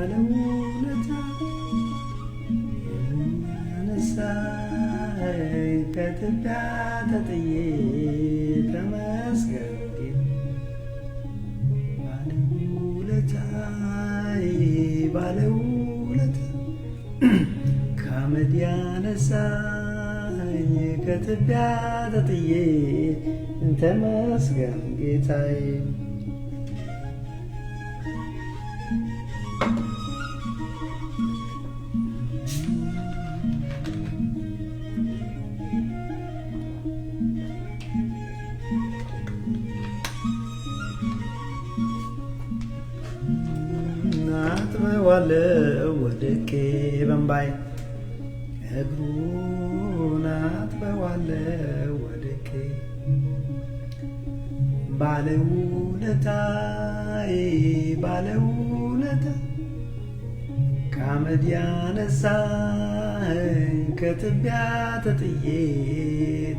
ባለውለታ የሚያነሳኝ ከኢትዮጵያ ተጥዬ ተመስገን ባለውለታዬ ባለውለታ ከአመድ ያነሳኝ ከኢትዮጵያ ተጥዬ ተመስገን ጌታዬ አለው ወድቄ በንባይ እግሩን አጥበዋለው ወድቄ ባለውለታዬ ባለውለታ ከአመድ ያነሳኸኝ ከትቢያ ተጥዬ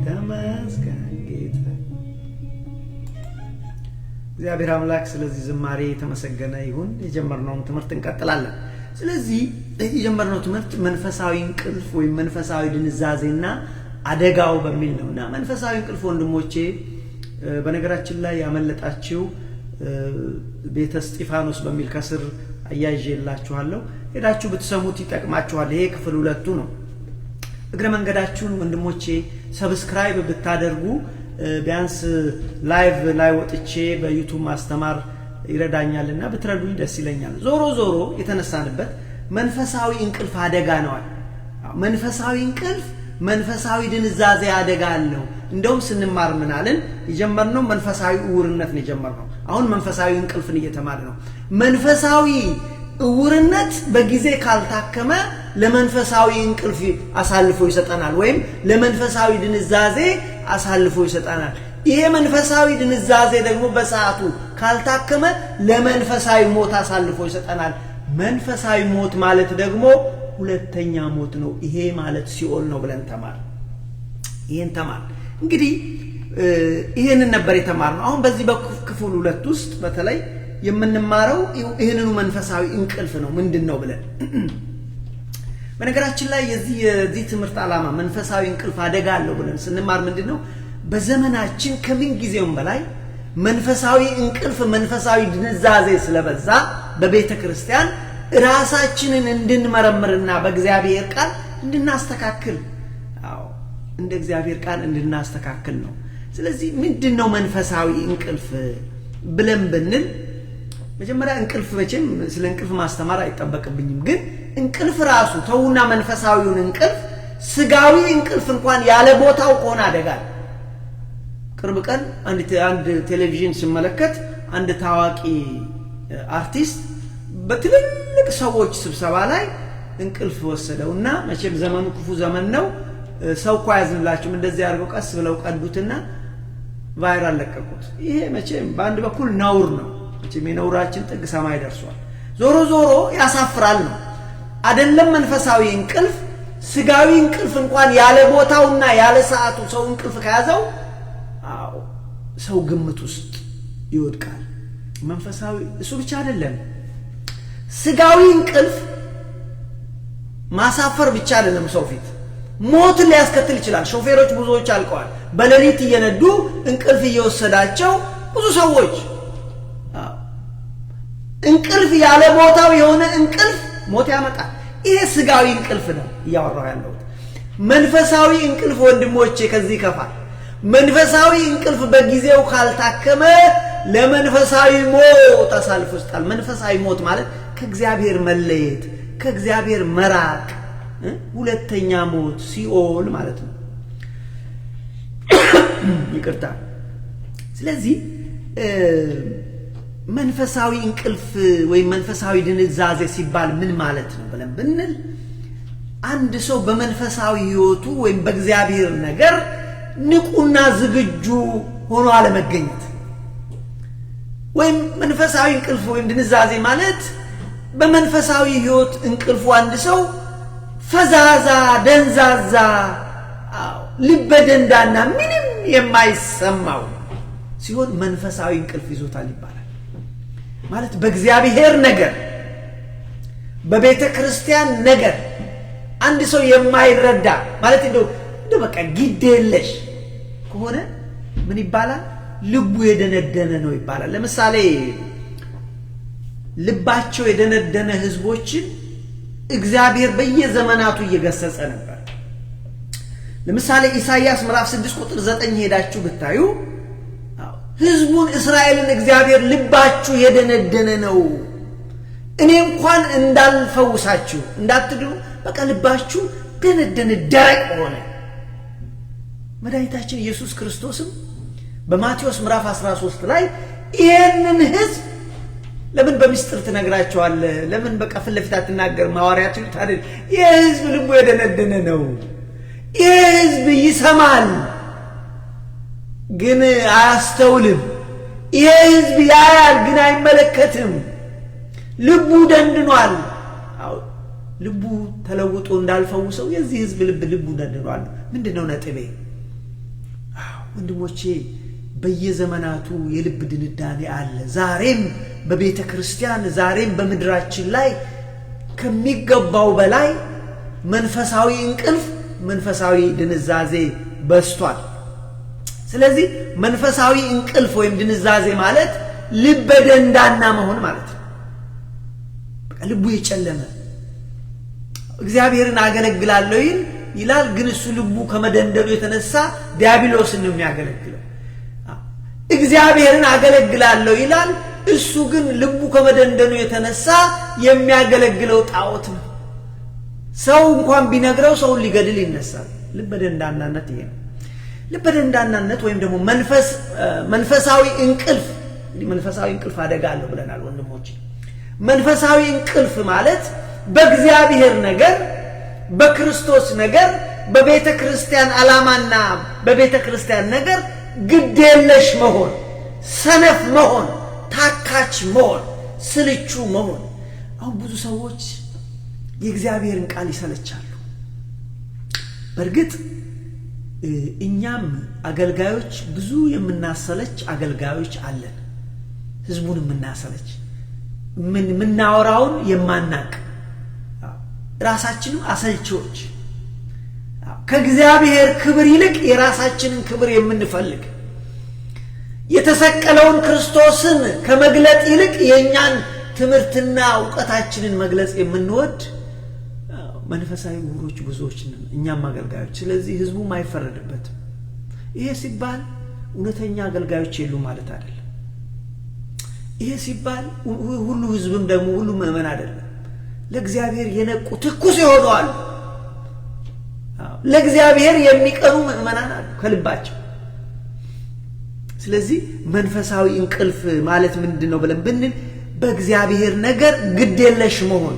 ተመስገን እግዚአብሔር አምላክ ስለዚህ ዝማሬ የተመሰገነ ይሁን። የጀመርነውን ትምህርት እንቀጥላለን። ስለዚህ የጀመርነው ትምህርት መንፈሳዊ እንቅልፍ ወይም መንፈሳዊ ድንዛዜና አደጋው በሚል ነው እና መንፈሳዊ እንቅልፍ ወንድሞቼ፣ በነገራችን ላይ ያመለጣችው ቤተ እስጢፋኖስ በሚል ከስር አያይዤ የላችኋለሁ ሄዳችሁ ብትሰሙት ይጠቅማችኋል። ይሄ ክፍል ሁለቱ ነው። እግረ መንገዳችሁን ወንድሞቼ ሰብስክራይብ ብታደርጉ ቢያንስ ላይቭ ላይ ወጥቼ በዩቱብ ማስተማር ይረዳኛልና ብትረዱኝ ደስ ይለኛል። ዞሮ ዞሮ የተነሳንበት መንፈሳዊ እንቅልፍ አደጋ ነዋል። መንፈሳዊ እንቅልፍ መንፈሳዊ ድንዛዜ አደጋ አለው። እንደውም ስንማር ምናልን የጀመርነው መንፈሳዊ እውርነት ነው የጀመርነው። አሁን መንፈሳዊ እንቅልፍን እየተማረ ነው። መንፈሳዊ እውርነት በጊዜ ካልታከመ ለመንፈሳዊ እንቅልፍ አሳልፎ ይሰጠናል፣ ወይም ለመንፈሳዊ ድንዛዜ አሳልፎ ይሰጠናል። ይሄ መንፈሳዊ ድንዛዜ ደግሞ በሰዓቱ ካልታከመ ለመንፈሳዊ ሞት አሳልፎ ይሰጠናል። መንፈሳዊ ሞት ማለት ደግሞ ሁለተኛ ሞት ነው። ይሄ ማለት ሲኦል ነው ብለን ተማር። ይሄን ተማር። እንግዲህ ይህንን ነበር የተማርነው። አሁን በዚህ በክፍል ሁለት ውስጥ በተለይ የምንማረው ይህንኑ መንፈሳዊ እንቅልፍ ነው ምንድን ነው ብለን በነገራችን ላይ የዚህ የዚህ ትምህርት ዓላማ መንፈሳዊ እንቅልፍ አደጋ አለው ብለን ስንማር ምንድን ነው በዘመናችን ከምን ጊዜውም በላይ መንፈሳዊ እንቅልፍ መንፈሳዊ ድንዛዜ ስለበዛ በቤተ ክርስቲያን ራሳችንን እንድንመረምርና በእግዚአብሔር ቃል እንድናስተካክል አዎ እንደ እግዚአብሔር ቃል እንድናስተካክል ነው። ስለዚህ ምንድን ነው መንፈሳዊ እንቅልፍ ብለን ብንል መጀመሪያ እንቅልፍ መቼም ስለ እንቅልፍ ማስተማር አይጠበቅብኝም ግን እንቅልፍ ራሱ ተውና መንፈሳዊውን እንቅልፍ ስጋዊ እንቅልፍ እንኳን ያለ ቦታው ከሆነ አደጋ ቅርብ ቀን አንድ ቴሌቪዥን ስመለከት አንድ ታዋቂ አርቲስት በትልልቅ ሰዎች ስብሰባ ላይ እንቅልፍ ወሰደው እና መቼም ዘመኑ ክፉ ዘመን ነው። ሰው እኮ አያዝንላችሁም። እንደዚህ አድርገው ቀስ ብለው ቀዱትና ቫይራል ለቀቁት። ይሄ መቼም በአንድ በኩል ነውር ነው። መቼም የነውራችን ጥግ ሰማይ ደርሷል። ዞሮ ዞሮ ያሳፍራል ነው አደለም መንፈሳዊ እንቅልፍ ስጋዊ እንቅልፍ እንኳን ያለ ቦታውና ያለ ሰዓቱ ሰው እንቅልፍ ከያዘው አዎ ሰው ግምት ውስጥ ይወድቃል። መንፈሳዊ እሱ ብቻ አይደለም። ስጋዊ እንቅልፍ ማሳፈር ብቻ አይደለም፣ ሰው ፊት ሞትን ሊያስከትል ይችላል። ሾፌሮች ብዙዎች አልቀዋል። በሌሊት እየነዱ እንቅልፍ እየወሰዳቸው ብዙ ሰዎች እንቅልፍ ያለ ቦታው የሆነ እንቅልፍ ሞት ያመጣል። ይሄ ስጋዊ እንቅልፍ ነው እያወራሁ ያለሁት። መንፈሳዊ እንቅልፍ ወንድሞቼ ከዚህ ይከፋል። መንፈሳዊ እንቅልፍ በጊዜው ካልታከመ ለመንፈሳዊ ሞት አሳልፎ ይሰጣል። መንፈሳዊ ሞት ማለት ከእግዚአብሔር መለየት፣ ከእግዚአብሔር መራቅ፣ ሁለተኛ ሞት ሲኦል ማለት ነው። ይቅርታ። ስለዚህ መንፈሳዊ እንቅልፍ ወይም መንፈሳዊ ድንዛዜ ሲባል ምን ማለት ነው ብለን ብንል አንድ ሰው በመንፈሳዊ ህይወቱ ወይም በእግዚአብሔር ነገር ንቁና ዝግጁ ሆኖ አለመገኘት ወይም መንፈሳዊ እንቅልፍ ወይም ድንዛዜ ማለት በመንፈሳዊ ህይወት እንቅልፉ አንድ ሰው ፈዛዛ፣ ደንዛዛ፣ ልበደንዳና ምንም የማይሰማው ሲሆን መንፈሳዊ እንቅልፍ ይዞታል ይባላል። ማለት በእግዚአብሔር ነገር በቤተ ክርስቲያን ነገር አንድ ሰው የማይረዳ ማለት እንደው እንደ በቃ ግድ የለሽ ከሆነ ምን ይባላል? ልቡ የደነደነ ነው ይባላል። ለምሳሌ ልባቸው የደነደነ ህዝቦችን እግዚአብሔር በየዘመናቱ እየገሰጸ ነበር። ለምሳሌ ኢሳይያስ ምዕራፍ 6 ቁጥር 9 ሄዳችሁ ብታዩ ህዝቡን እስራኤልን እግዚአብሔር ልባችሁ የደነደነ ነው፣ እኔ እንኳን እንዳልፈውሳችሁ እንዳትድሉ፣ በቃ ልባችሁ ደነደነ፣ ደረቅ ሆነ። መድኃኒታችን ኢየሱስ ክርስቶስም በማቴዎስ ምዕራፍ 13 ላይ ይህንን ህዝብ ለምን በምስጢር ትነግራቸዋለህ? ለምን በቃ ፊት ለፊት አትናገርም? ሐዋርያት ይሉታል፣ ይህ ህዝብ ልቡ የደነደነ ነው፣ ይህ ህዝብ ይሰማል ግን አያስተውልም። ይሄ ህዝብ ያያል፣ ግን አይመለከትም። ልቡ ደንድኗል። ልቡ ተለውጦ እንዳልፈውሰው የዚህ ህዝብ ልብ ልቡ ደንድኗል። ምንድን ነው ነጥቤ? ወንድሞቼ በየዘመናቱ የልብ ድንዳኔ አለ። ዛሬም በቤተ ክርስቲያን ዛሬም በምድራችን ላይ ከሚገባው በላይ መንፈሳዊ እንቅልፍ፣ መንፈሳዊ ድንዛዜ በስቷል። ስለዚህ መንፈሳዊ እንቅልፍ ወይም ድንዛዜ ማለት ልበ ደንዳና መሆን ማለት ነው። ልቡ የጨለመ እግዚአብሔርን አገለግላለሁ ይላል፣ ግን እሱ ልቡ ከመደንደሉ የተነሳ ዲያብሎስን ነው የሚያገለግለው። እግዚአብሔርን አገለግላለሁ ይላል፣ እሱ ግን ልቡ ከመደንደኑ የተነሳ የሚያገለግለው ጣዖት ነው። ሰው እንኳን ቢነግረው ሰውን ሊገድል ይነሳል። ልበ ደንዳናነት ይሄ ነው። ልበደንዳናነት ወይም ደግሞ መንፈሳዊ እንቅልፍ እንግዲህ መንፈሳዊ እንቅልፍ አደጋ አለው ብለናል ወንድሞች። መንፈሳዊ እንቅልፍ ማለት በእግዚአብሔር ነገር፣ በክርስቶስ ነገር፣ በቤተ ክርስቲያን ዓላማና በቤተ ክርስቲያን ነገር ግዴለሽ መሆን፣ ሰነፍ መሆን፣ ታካች መሆን፣ ስልቹ መሆን። አሁን ብዙ ሰዎች የእግዚአብሔርን ቃል ይሰለቻሉ። በእርግጥ እኛም አገልጋዮች ብዙ የምናሰለች አገልጋዮች አለን። ህዝቡን የምናሰለች የምናወራውን የማናቅ ራሳችንም አሰልቺዎች ከእግዚአብሔር ክብር ይልቅ የራሳችንን ክብር የምንፈልግ የተሰቀለውን ክርስቶስን ከመግለጥ ይልቅ የእኛን ትምህርትና እውቀታችንን መግለጽ የምንወድ መንፈሳዊ ውሮች ብዙዎች ነን እኛም አገልጋዮች። ስለዚህ ህዝቡም አይፈረድበትም። ይሄ ሲባል እውነተኛ አገልጋዮች የሉ ማለት አይደለም። ይሄ ሲባል ሁሉ ህዝብም ደግሞ ሁሉ ምዕመን አይደለም። ለእግዚአብሔር የነቁ ትኩስ አሉ። ለእግዚአብሔር የሚቀኑ ምእመናን አሉ ከልባቸው። ስለዚህ መንፈሳዊ እንቅልፍ ማለት ምንድን ነው ብለን ብንል በእግዚአብሔር ነገር ግድ የለሽ መሆን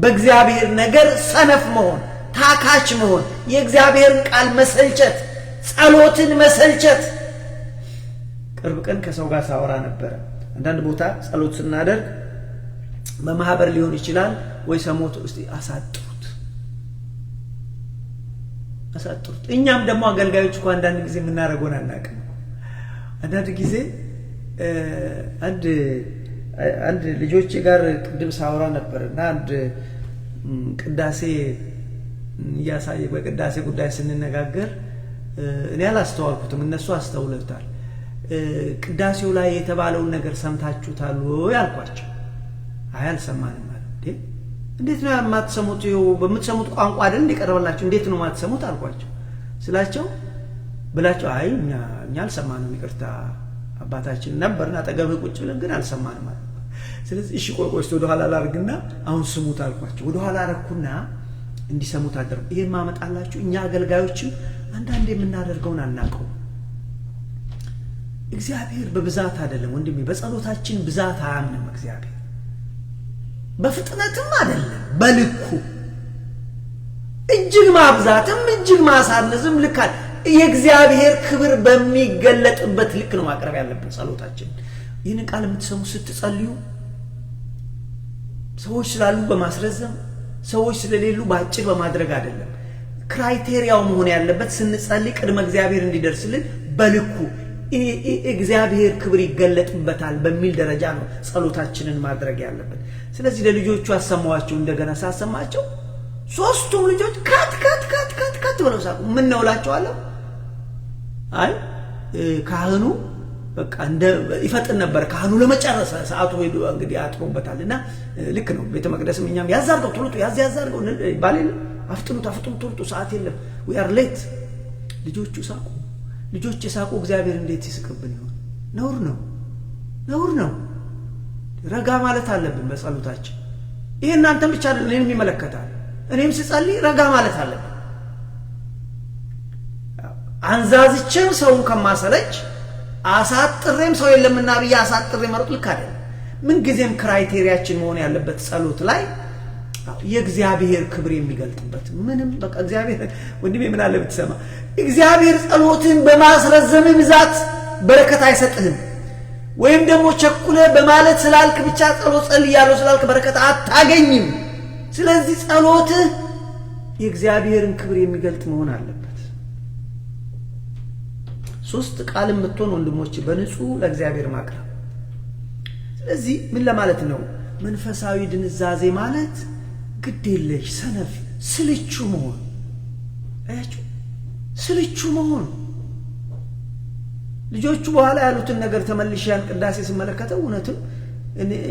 በእግዚአብሔር ነገር ሰነፍ መሆን፣ ታካች መሆን፣ የእግዚአብሔርን ቃል መሰልቸት፣ ጸሎትን መሰልቸት። ቅርብ ቀን ከሰው ጋር ሳወራ ነበረ። አንዳንድ ቦታ ጸሎት ስናደርግ በማህበር ሊሆን ይችላል ወይ ሰሞት ውስጥ አሳጥሩት አሳጥሩት። እኛም ደግሞ አገልጋዮች እኮ አንዳንድ ጊዜ የምናደርገውን አናውቅም። አንዳንድ ጊዜ አንድ አንድ ልጆች ጋር ቅድም ሳውራ ነበር እና አንድ ቅዳሴ እያሳየ በቅዳሴ ጉዳይ ስንነጋገር እኔ አላስተዋልኩትም፣ እነሱ አስተውለታል። ቅዳሴው ላይ የተባለውን ነገር ሰምታችሁታል ወይ አልኳቸው። አይ አልሰማንም አለ። እንዴት ነው የማትሰሙት? በምትሰሙት ቋንቋ አይደል እንዲቀርበላቸው እንዴት ነው የማትሰሙት አልኳቸው። ስላቸው ብላቸው አይ እኛ አልሰማንም ይቅርታ አባታችን ነበርን አጠገብህ ቁጭ ብለን ግን አልሰማንም ማለት ነው። ስለዚህ እሺ ቆይ ወደኋላ ላርግና አሁን ስሙት አልኳቸው። ወደኋላ አረግኩና እንዲሰሙት አደረጉ። ይህ ማመጣላችሁ እኛ አገልጋዮችም አንዳንድ የምናደርገውን አናቀው እግዚአብሔር በብዛት አይደለም ወንድሜ፣ በጸሎታችን ብዛት አያምንም እግዚአብሔር በፍጥነትም አይደለም በልኩ እጅግ ማብዛትም እጅግ ማሳነዝም ልካል የእግዚአብሔር ክብር በሚገለጥበት ልክ ነው ማቅረብ ያለብን ጸሎታችን። ይህንን ቃል የምትሰሙ ስትጸልዩ ሰዎች ስላሉ በማስረዘም ሰዎች ስለሌሉ በአጭር በማድረግ አይደለም። ክራይቴሪያው መሆን ያለበት ስንጸልይ ቅድመ እግዚአብሔር እንዲደርስልን በልኩ እግዚአብሔር ክብር ይገለጥበታል በሚል ደረጃ ነው ጸሎታችንን ማድረግ ያለብን። ስለዚህ ለልጆቹ አሰማዋቸው። እንደገና ሳሰማቸው ሶስቱም ልጆች ከት ከት ከት ከት ከት ብለው ሳቁ። ምን ነው እላቸዋለሁ አይ ካህኑ በቃ እንደ ይፈጥን ነበር ካህኑ ለመጨረስ ሰዓቱ ሄዶ እንግዲህ አጥሮበታል። እና ልክ ነው። ቤተ መቅደስም እኛም ያዛርገው ትሩጡ ያዝ ያዛርገው ባሌል አፍጥኑት አፍጥኑት ትሩጡ ሰዓት የለም ዊ አር ሌት። ልጆቹ ሳቁ። ልጆች የሳቁ እግዚአብሔር እንዴት ይስቅብን ይሆን? ነውር ነው፣ ነውር ነው። ረጋ ማለት አለብን በጸሎታችን። ይሄ እናንተም ብቻ እኔንም ይመለከታል። እኔም ስጸልይ ረጋ ማለት አለብን። አንዛዝቼም ሰውን ከማሰለች አሳጥሬም ሰው የለምና ብዬ አሳጥሬ መሮጥ ልክ አይደለም። ምንጊዜም ክራይቴሪያችን መሆን ያለበት ጸሎት ላይ የእግዚአብሔር ክብር የሚገልጥበት ምንም በቃ እግዚአብሔር ወንድሜ ምን አለ ብትሰማ፣ እግዚአብሔር ጸሎትን በማስረዘም ብዛት በረከት አይሰጥህም። ወይም ደግሞ ቸኩለ በማለት ስላልክ ብቻ ጸሎት ጸልያለሁ ስላልክ በረከት አታገኝም። ስለዚህ ጸሎትህ የእግዚአብሔርን ክብር የሚገልጥ መሆን አለበት። ሶስት ቃል የምትሆን ወንድሞች በንጹህ ለእግዚአብሔር ማቅረብ። ስለዚህ ምን ለማለት ነው? መንፈሳዊ ድንዛዜ ማለት ግዴለሽ፣ ሰነፍ፣ ስልቹ መሆን። አያችሁ፣ ስልቹ መሆን። ልጆቹ በኋላ ያሉትን ነገር ተመልሽ ያን ቅዳሴ ስመለከተው እውነትም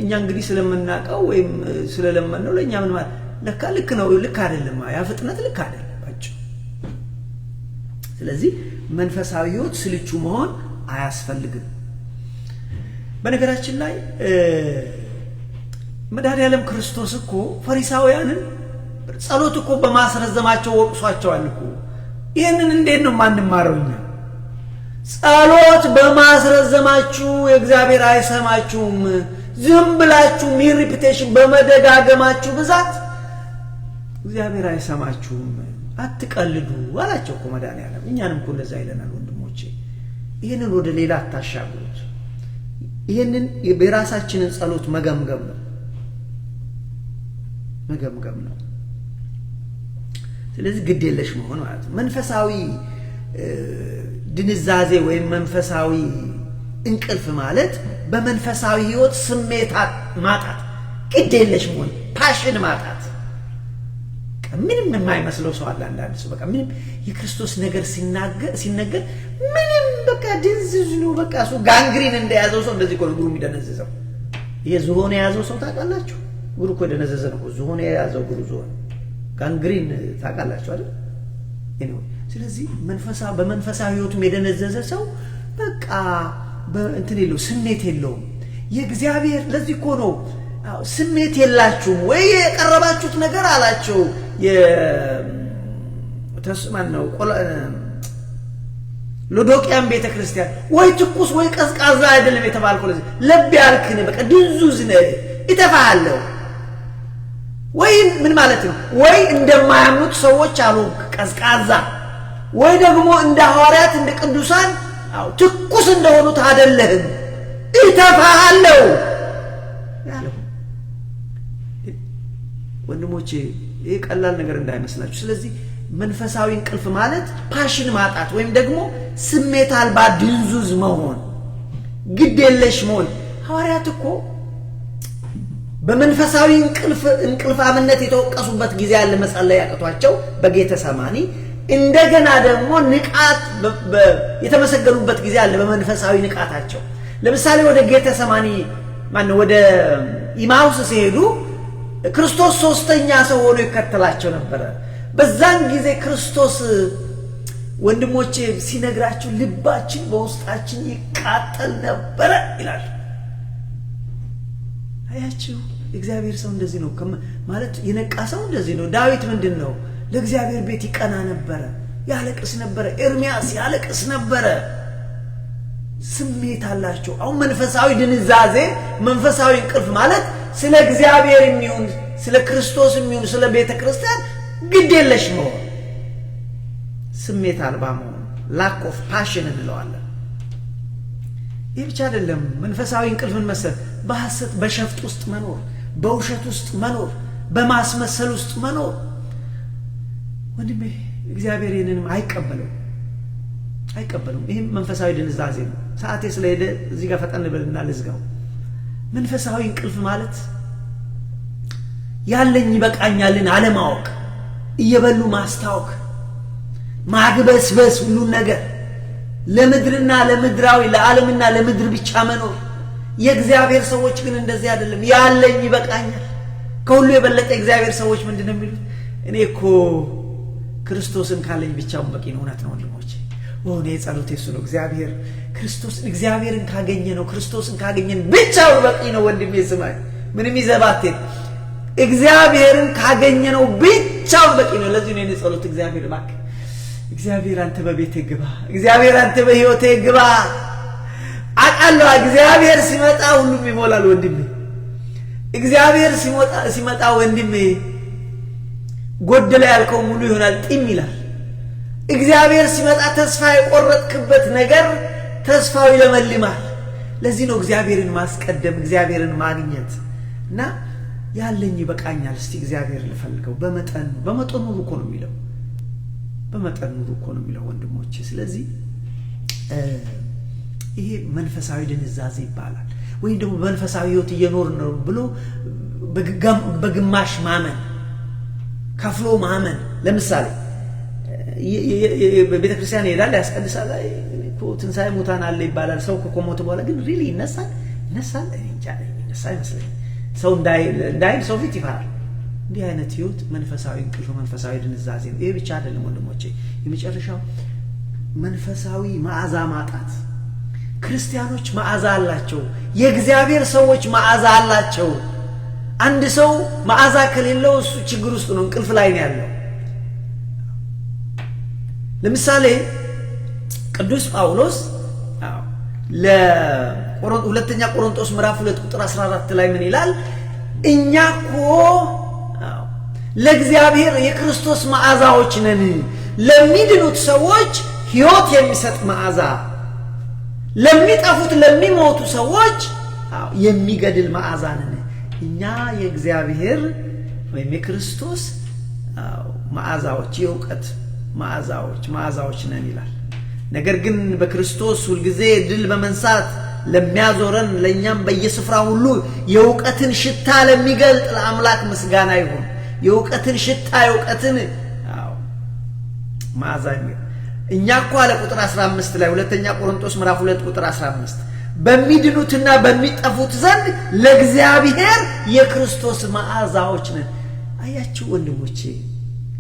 እኛ እንግዲህ ስለምናውቀው ወይም ስለለመን ነው ለእኛ ምን ለካ ልክ ነው ልክ አይደለም። ያ ፍጥነት ልክ አይደለም። ስለዚህ መንፈሳዊ ህይወት ስልቹ መሆን አያስፈልግም። በነገራችን ላይ መድኃኔዓለም ክርስቶስ እኮ ፈሪሳውያንን ጸሎት እኮ በማስረዘማቸው ወቅሷቸዋል እኮ። ይህንን እንዴት ነው ማንማረውኛ ጸሎት በማስረዘማችሁ የእግዚአብሔር አይሰማችሁም። ዝም ብላችሁ ሚን ሪፒቴሽን በመደጋገማችሁ ብዛት እግዚአብሔር አይሰማችሁም። አትቀልዱ አላቸው እኮ መድኃኒዓለም። እኛንም እኮ እንደዛ ይለናል ወንድሞቼ። ይህንን ወደ ሌላ አታሻግሩት። ይህንን የራሳችንን ጸሎት መገምገም ነው መገምገም ነው። ስለዚህ ግድ የለሽ መሆን ማለት ነው። መንፈሳዊ ድንዛዜ ወይም መንፈሳዊ እንቅልፍ ማለት በመንፈሳዊ ሕይወት ስሜት ማጣት፣ ግድ የለሽ መሆን፣ ፓሽን ማጣት ምንም የማይመስለው ሰው አለ። አንዳንድ ሰው በቃ ምንም የክርስቶስ ነገር ሲነገር ምንም በቃ ድንዝዝ ነው። በቃ እሱ ጋንግሪን እንደያዘው ሰው እንደዚህ እኮ ነው እግሩ የሚደነዝዘው። ይሄ ዝሆን የያዘው ሰው ታውቃላችሁ? እግሩ እኮ የደነዘዘ ነው። ዝሆን የያዘው እግሩ ዝሆን ጋንግሪን ታውቃላችሁ አይደል? ስለዚህ መንፈሳ በመንፈሳዊ ህይወቱም የደነዘዘ ሰው በቃ እንትን የለው ስሜት የለውም የእግዚአብሔር ለዚህ እኮ ነው ስሜት የላችሁም ወይ? የቀረባችሁት ነገር አላቸው። ማን ነው ሎዶቅያን ቤተ ክርስቲያን ወይ ትኩስ ወይ ቀዝቃዛ አይደለም የተባልኩ ለዚህ ለብ ያልክን በቃ ድንዙዝ ነህ ይተፋሃለሁ ወይ ምን ማለት ነው? ወይ እንደማያምኑት ሰዎች አሉ ቀዝቃዛ፣ ወይ ደግሞ እንደ ሐዋርያት እንደ ቅዱሳን ትኩስ እንደሆኑት አይደለም ይተፋሃለሁ ወንድሞቼ ይህ ቀላል ነገር እንዳይመስላችሁ። ስለዚህ መንፈሳዊ እንቅልፍ ማለት ፓሽን ማጣት ወይም ደግሞ ስሜት አልባ ድንዙዝ መሆን፣ ግድ የለሽ መሆን። ሐዋርያት እኮ በመንፈሳዊ እንቅልፋምነት የተወቀሱበት ጊዜ ያለ መጸለይ ያቅቷቸው በጌተ ሰማኒ እንደገና ደግሞ ንቃት የተመሰገኑበት ጊዜ አለ በመንፈሳዊ ንቃታቸው። ለምሳሌ ወደ ጌተ ሰማኒ ማነው ወደ ኢማውስ ሲሄዱ ክርስቶስ ሶስተኛ ሰው ሆኖ ይከተላቸው ነበረ። በዛን ጊዜ ክርስቶስ ወንድሞቼ ሲነግራችሁ ልባችን በውስጣችን ይቃጠል ነበረ ይላል። አያችሁ፣ እግዚአብሔር ሰው እንደዚህ ነው ማለት የነቃ ሰው እንደዚህ ነው። ዳዊት ምንድን ነው ለእግዚአብሔር ቤት ይቀና ነበረ፣ ያለቅስ ነበረ። ኤርሚያስ ያለቅስ ነበረ። ስሜት አላቸው። አሁን መንፈሳዊ ድንዛዜ መንፈሳዊ እንቅልፍ ማለት ስለ እግዚአብሔር የሚሆን ስለ ክርስቶስ የሚሆን ስለ ቤተ ክርስቲያን ግድ የለሽ መሆን ስሜት አልባ መሆን ላክ ኦፍ ፓሽን እንለዋለን። ይህ ብቻ አይደለም። መንፈሳዊ እንቅልፍን መሰል በሐሰት በሸፍጥ ውስጥ መኖር፣ በውሸት ውስጥ መኖር፣ በማስመሰል ውስጥ መኖር ወንድሜ እግዚአብሔር ይህንንም አይቀበለው። አይቀበሉም። ይህም መንፈሳዊ ድንዛዜ ነው። ሰዓቴ ስለሄደ እዚህ ጋር ፈጠን ልበልና ልዝጋው። መንፈሳዊ እንቅልፍ ማለት ያለኝ ይበቃኛልን አለማወቅ፣ እየበሉ ማስታወክ፣ ማግበስበስ፣ ሁሉን ነገር ለምድርና ለምድራዊ ለዓለምና ለምድር ብቻ መኖር። የእግዚአብሔር ሰዎች ግን እንደዚህ አይደለም። ያለኝ ይበቃኛል። ከሁሉ የበለጠ እግዚአብሔር ሰዎች ምንድን ነው የሚሉት? እኔ እኮ ክርስቶስን ካለኝ ብቻውን በቂ ነው። እውነት ነው ወንድሞች በሆነ የጸሎት የሱ ነው። እግዚአብሔር ክርስቶስን እግዚአብሔርን ካገኘ ነው ክርስቶስን ካገኘን ብቻው በቂ ነው። ወንድሜ ስማኝ፣ ምንም እግዚአብሔርን ካገኘ ነው ብቻው በቂ ነው። ለዚህ ነው የኔ ጸሎት፣ እግዚአብሔር እባክህ፣ እግዚአብሔር አንተ በቤቴ ግባ፣ እግዚአብሔር አንተ በህይወቴ ግባ። አውቃለሁ እግዚአብሔር ሲመጣ ሁሉም ይሞላል ወንድሜ። እግዚአብሔር ሲመጣ ወንድሜ ጎደለ ያልከው ሙሉ ይሆናል፣ ጢም ይላል። እግዚአብሔር ሲመጣ ተስፋ የቆረጥክበት ነገር ተስፋው ይለመልማል። ለዚህ ነው እግዚአብሔርን ማስቀደም እግዚአብሔርን ማግኘት እና ያለኝ ይበቃኛል፣ እስቲ እግዚአብሔር ልፈልገው። በመጠን በመጠኑ ኑሩ እኮ ነው የሚለው በመጠን ኑሩ እኮ ነው የሚለው ወንድሞቼ። ስለዚህ ይሄ መንፈሳዊ ድንዛዜ ይባላል። ወይም ደግሞ በመንፈሳዊ ሕይወት እየኖር ነው ብሎ በግማሽ ማመን ከፍሎ ማመን ለምሳሌ ቤተ ክርስቲያን ይሄዳል፣ ያስቀድሳል። ትንሣኤ ሙታን አለ ይባላል። ሰው ከሞተ በኋላ ግን ሪሊ ይነሳል ይነሳል ይነሳ ይመስለኝ። ሰው እንዳይል ሰው ፊት ይፈራል። እንዲህ አይነት ህይወት መንፈሳዊ እንቅልፍ፣ መንፈሳዊ ድንዛዜ ነው። ይሄ ብቻ አይደለም ወንድሞቼ፣ የመጨረሻው መንፈሳዊ መዓዛ ማጣት። ክርስቲያኖች መዓዛ አላቸው፣ የእግዚአብሔር ሰዎች መዓዛ አላቸው። አንድ ሰው መዓዛ ከሌለው እሱ ችግር ውስጥ ነው፣ እንቅልፍ ላይ ነው ያለው። ለምሳሌ ቅዱስ ጳውሎስ ሁለተኛ ቆሮንቶስ ምዕራፍ 2 ቁጥር 14 ላይ ምን ይላል? እኛ እኮ ለእግዚአብሔር የክርስቶስ መዓዛዎች ነን፣ ለሚድኑት ሰዎች ሕይወት የሚሰጥ መዓዛ፣ ለሚጠፉት ለሚሞቱ ሰዎች የሚገድል መዓዛ ነን። እኛ የእግዚአብሔር ወይም የክርስቶስ መዓዛዎች የእውቀት መዓዛዎች መዓዛዎች ነን ይላል። ነገር ግን በክርስቶስ ሁልጊዜ ድል በመንሳት ለሚያዞረን ለእኛም በየስፍራ ሁሉ የእውቀትን ሽታ ለሚገልጥ ለአምላክ ምስጋና ይሁን። የእውቀትን ሽታ የእውቀትን ማዛ እኛ እኳ አለ ቁጥር 15 ላይ ሁለተኛ ቆሮንቶስ ምዕራፍ 2 ቁጥር 15 በሚድኑትና በሚጠፉት ዘንድ ለእግዚአብሔር የክርስቶስ ማዕዛዎች ነን። አያችሁ ወንድሞቼ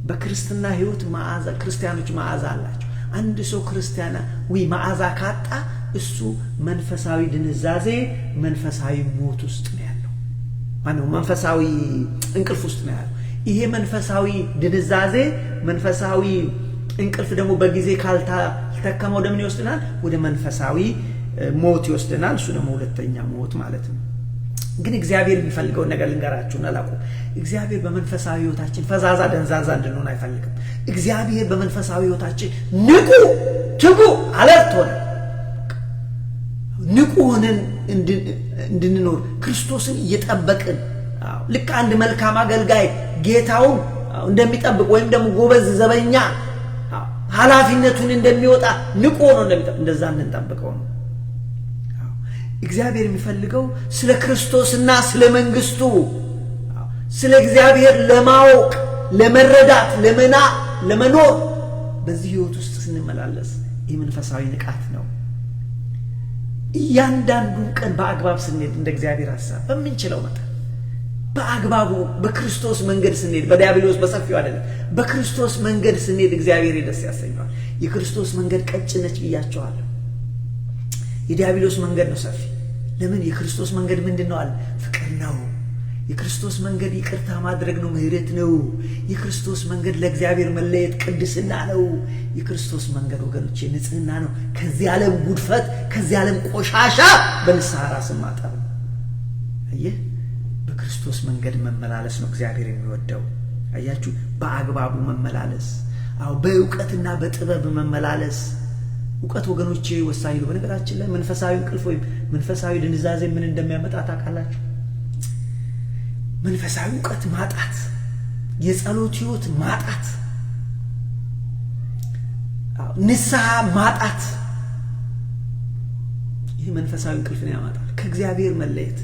በክርስትና ህይወት መዓዛ ክርስቲያኖች መዓዛ አላቸው። አንድ ሰው ክርስቲያናዊ መዓዛ ካጣ እሱ መንፈሳዊ ድንዛዜ፣ መንፈሳዊ ሞት ውስጥ ነው ያለው። ማነው መንፈሳዊ እንቅልፍ ውስጥ ነው ያለው። ይሄ መንፈሳዊ ድንዛዜ፣ መንፈሳዊ እንቅልፍ ደግሞ በጊዜ ካልተከመው ወደ ምን ይወስድናል? ወደ መንፈሳዊ ሞት ይወስድናል። እሱ ደግሞ ሁለተኛ ሞት ማለት ነው። ግን እግዚአብሔር የሚፈልገውን ነገር ልንገራችሁን አላቁ እግዚአብሔር በመንፈሳዊ ህይወታችን ፈዛዛ ደንዛዛ እንድንሆን አይፈልግም። እግዚአብሔር በመንፈሳዊ ህይወታችን ንቁ፣ ትጉ፣ አለርት ሆነ ንቁ ሆነን እንድንኖር ክርስቶስን እየጠበቅን ልክ አንድ መልካም አገልጋይ ጌታውን እንደሚጠብቅ ወይም ደግሞ ጎበዝ ዘበኛ ሀላፊነቱን እንደሚወጣ ንቁ ሆኖ እንደሚጠብቅ እንደዛ እንጠብቀው ነው። እግዚአብሔር የሚፈልገው ስለ ክርስቶስና ስለ መንግስቱ ስለ እግዚአብሔር ለማወቅ ለመረዳት፣ ለመና ለመኖር በዚህ ህይወት ውስጥ ስንመላለስ ይህ መንፈሳዊ ንቃት ነው። እያንዳንዱን ቀን በአግባብ ስንሄድ እንደ እግዚአብሔር ሀሳብ በምንችለው መጠን በአግባቡ በክርስቶስ መንገድ ስንሄድ በዲያብሎስ በሰፊው አይደለም፣ በክርስቶስ መንገድ ስንሄድ እግዚአብሔር ደስ ያሰኘዋል። የክርስቶስ መንገድ ቀጭነች ብያቸዋለሁ። የዲያብሎስ መንገድ ነው ሰፊ። ለምን የክርስቶስ መንገድ ምንድን ነው አለ? ፍቅር ነው። የክርስቶስ መንገድ ይቅርታ ማድረግ ነው፣ ምህረት ነው። የክርስቶስ መንገድ ለእግዚአብሔር መለየት ቅድስና ነው። የክርስቶስ መንገድ ወገኖቼ ንጽህና ነው። ከዚህ ዓለም ጉድፈት፣ ከዚህ ዓለም ቆሻሻ በንስሐ ራስን ማጠብ ነው። አየህ፣ በክርስቶስ መንገድ መመላለስ ነው እግዚአብሔር የሚወደው። አያችሁ፣ በአግባቡ መመላለስ። አዎ፣ በእውቀትና በጥበብ መመላለስ እውቀት ወገኖች ወሳኝ ነው። በነገራችን ላይ መንፈሳዊ እንቅልፍ ወይም መንፈሳዊ ድንዛዜ ምን እንደሚያመጣ ታውቃላችሁ? መንፈሳዊ እውቀት ማጣት፣ የጸሎት ህይወት ማጣት፣ ንስሐ ማጣት፣ ይህ መንፈሳዊ እንቅልፍ ነው ያመጣል። ከእግዚአብሔር መለየት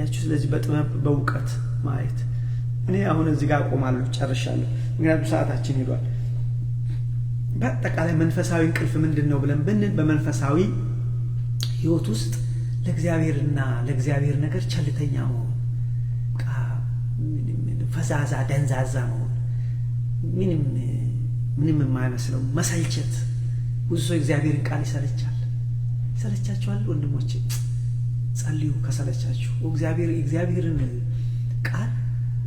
ያችሁ። ስለዚህ በጥበብ በእውቀት ማየት። እኔ አሁን እዚህ ጋር አቆማለሁ፣ ጨርሻለሁ። ምክንያቱም ሰዓታችን ሄዷል። በአጠቃላይ መንፈሳዊ እንቅልፍ ምንድን ነው ብለን ብንል በመንፈሳዊ ህይወት ውስጥ ለእግዚአብሔርና ለእግዚአብሔር ነገር ቸልተኛ መሆን፣ ፈዛዛ ደንዛዛ መሆን፣ ምንም ምንም የማይመስለው መሰልቸት። ብዙ ሰው እግዚአብሔርን ቃል ይሰለቻል። ይሰለቻችኋል ወንድሞች፣ ጸልዩ ከሰለቻችሁ። እግዚአብሔርን ቃል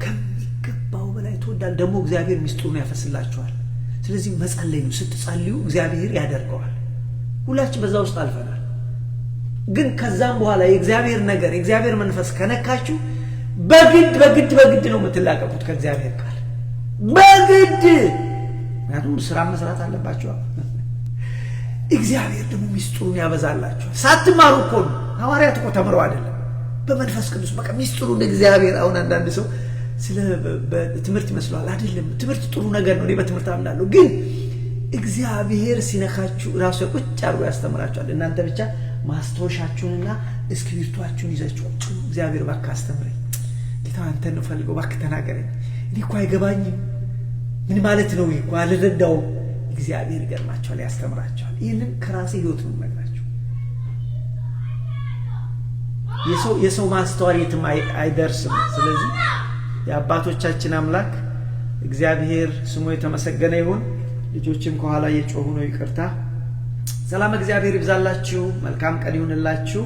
ከሚገባው በላይ ትወዳል። ደግሞ እግዚአብሔር ሚስጥሩን ያፈስላችኋል። ስለዚህ መጸለይ ነው። ስትጸልዩ እግዚአብሔር ያደርገዋል። ሁላችን በዛ ውስጥ አልፈናል። ግን ከዛም በኋላ የእግዚአብሔር ነገር የእግዚአብሔር መንፈስ ከነካችሁ በግድ በግድ በግድ ነው የምትላቀቁት ከእግዚአብሔር ቃል በግድ ምክንያቱም ስራ መስራት አለባቸዋል። እግዚአብሔር ደግሞ ሚስጥሩን ያበዛላቸዋል። ሳትማሩ እኮ ነው ሐዋርያት እኮ ተምረው አይደለም በመንፈስ ቅዱስ በቃ ሚስጥሩን እግዚአብሔር አሁን አንዳንድ ሰው ስለ ትምህርት ይመስለዋል። አይደለም። ትምህርት ጥሩ ነገር ነው። እኔ በትምህርት አምናለሁ። ግን እግዚአብሔር ሲነካችሁ ራሱ ቁጭ አድርጎ ያስተምራችኋል። እናንተ ብቻ ማስታወሻችሁንና እስክሪብቶችሁን ይዛችሁ እግዚአብሔር እባክህ አስተምረኝ፣ ጌታ አንተ ነው ፈልገው፣ እባክህ ተናገረኝ፣ እኔ እኮ አይገባኝም፣ ምን ማለት ነው እኮ አልረዳውም። እግዚአብሔር ይገርማቸዋል፣ ያስተምራቸዋል። ይህንን ከራሴ ህይወት ነው የምነግራቸው። የሰው ማስተዋል የትም አይደርስም። ስለዚህ የአባቶቻችን አምላክ እግዚአብሔር ስሙ የተመሰገነ ይሁን። ልጆችም ከኋላ እየጮሁ ነው፣ ይቅርታ። ሰላም እግዚአብሔር ይብዛላችሁ። መልካም ቀን ይሁንላችሁ።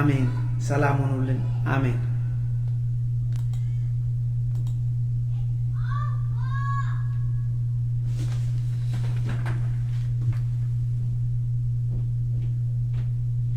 አሜን። ሰላም ሆኑልን። አሜን።